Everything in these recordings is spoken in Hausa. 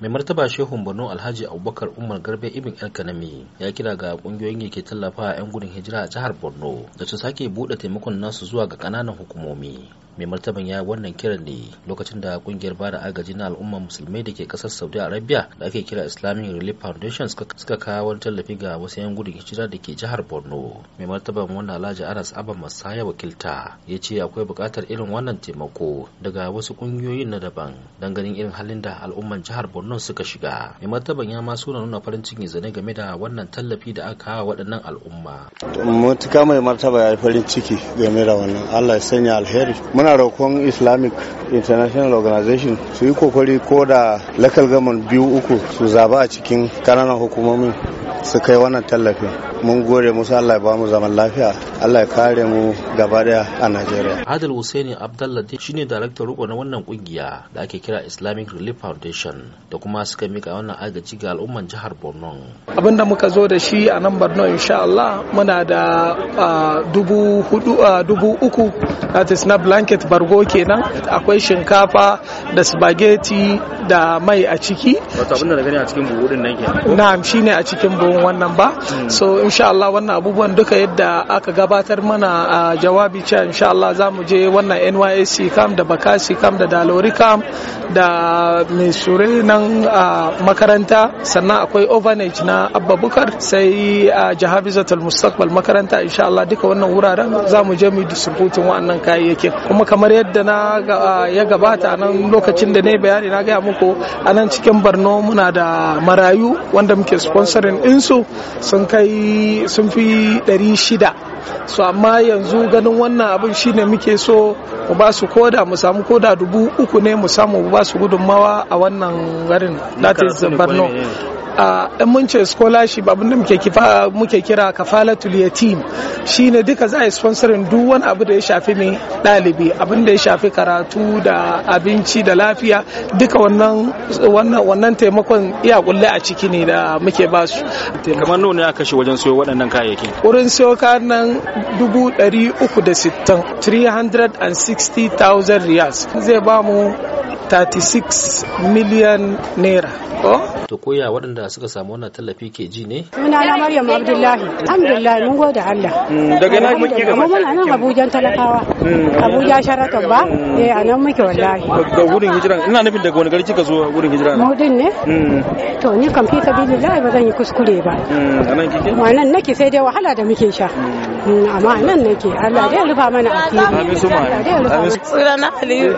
mai martaba shehun borno alhaji abubakar umar garbe ibn el kanami ya kira ga kungiyoyin da ke tallafa 'yan gudun hijira a jihar borno da su sake buɗe taimakon nasu zuwa ga ƙananan hukumomi mai martaban ya wannan kiran ne lokacin da kungiyar bada agaji na al'ummar musulmai da ke kasar saudi arabia da ake kira islamic relief foundation suka kawo wani tallafi ga wasu yan gudun hijira da ke jihar borno mai martaban wannan alhaji anas abba masaya wakilta ya ce akwai buƙatar irin wannan taimako daga wasu ƙungiyoyin na daban don ganin irin halin da al'umman jihar borno suka shiga mai martaban ya ma suna nuna farin ciki zane game da wannan tallafi da aka kawo waɗannan al'umma. mutuka mai martaba ya farin ciki game da wannan allah ya sanya alheri yana roƙon islamic international organization su yi kokari ko da lakalgaman biyu uku su zaba a cikin kananan hukumomin su kai wannan tallafi mun gode musu Allah ya ba mu zaman lafiya Allah ya kare mu gaba daya a Najeriya Adil Hussaini Abdullahi shine daraktan riko na wannan kungiya da ake kira Islamic Relief Foundation da kuma suka mika wannan agaji ga al'umman jihar Borno abinda muka zo da shi a nan Borno insha Allah muna da dubu hudu dubu uku that is na blanket bargo kenan akwai shinkafa da spaghetti da mai a ciki wato abinda da gani a cikin buhu din nan kenan na'am shine a cikin buhu yin wannan ba so insha Allah wannan abubuwan duka yadda aka gabatar mana a jawabi cewa insha Allah za mu je wannan NYSC kam da Bakasi kam da Dalori kam da Misure nan a makaranta sannan akwai overnight na Abba Bukar sai a Jahabizatul Mustaqbal makaranta insha Allah duka wannan wuraren za mu je mu distributin wannan kayayyakin kuma kamar yadda na ya gabata nan lokacin da na yi bayani na gaya muku a nan cikin barno muna da marayu wanda muke sponsoring in. su sun kai sun fi 600 su amma yanzu ganin wannan abin shine muke so mu ba su koda mu samu koda dubu uku ne mu samu mu ba su gudunmawa a wannan garin that is borno in mun ce scholarship abinda muke kifa muke kira kafalatul yatim shine duka za a sponsorin duk wani abu da ya shafi mai dalibi abin da ya shafi karatu da abinci da lafiya duka wannan wannan wannan taimakon iya kulle a ciki ne da muke ba su kamar nuna ya aka kashe wajen siyo waɗannan kayayyaki wurin siyo kayan nan dubu ɗari uku da sittin 360,000 riyals zai ba mu 36 miliyan naira to koya waɗanda suka samu wannan tallafi ke ji ne muna na maryam abdullahi alhamdulillah mun gode allah mm, daga nan muke gaba. muna nan abujan talakawa Hmm. Abuja Sharaton ba eh a nan muke wallahi ga wurin hijira ina nufin daga wani gari ka zo wurin hijira mu din ne hmm. to ni kan fita billahi ba zan yi kuskure ba hmm. nan kike ma nan nake sai dai wahala da muke sha amma nan nake Allah dai rufa mana asiri amin su tsira na Aliyu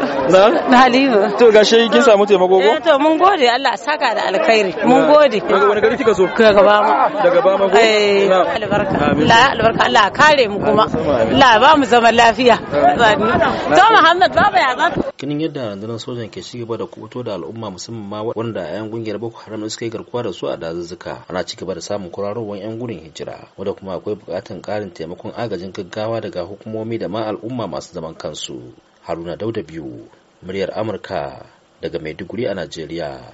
na Aliyu to gashi kin samu taimako ko eh, to mun gode Allah saka da alkhairi mun gode daga wani gari ka zo daga Bama daga Bama ko eh, albarka Allah albarka Allah kare mu kuma Allah ba mu zaman lafiya To Muhammad babu ya Kinin yadda rundunar sojan ke ci gaba da kubuto da al'umma musamman ma wanda 'yan gungiyar Boko Haram suka yi garkuwa da su a dazuzzuka ana ci gaba da samun kwararowar 'yan gurin hijira wanda kuma akwai bukatan karin taimakon agajin gaggawa daga hukumomi da ma al'umma masu zaman kansu. Haruna Dauda biyu muryar Amurka daga Maiduguri a Najeriya.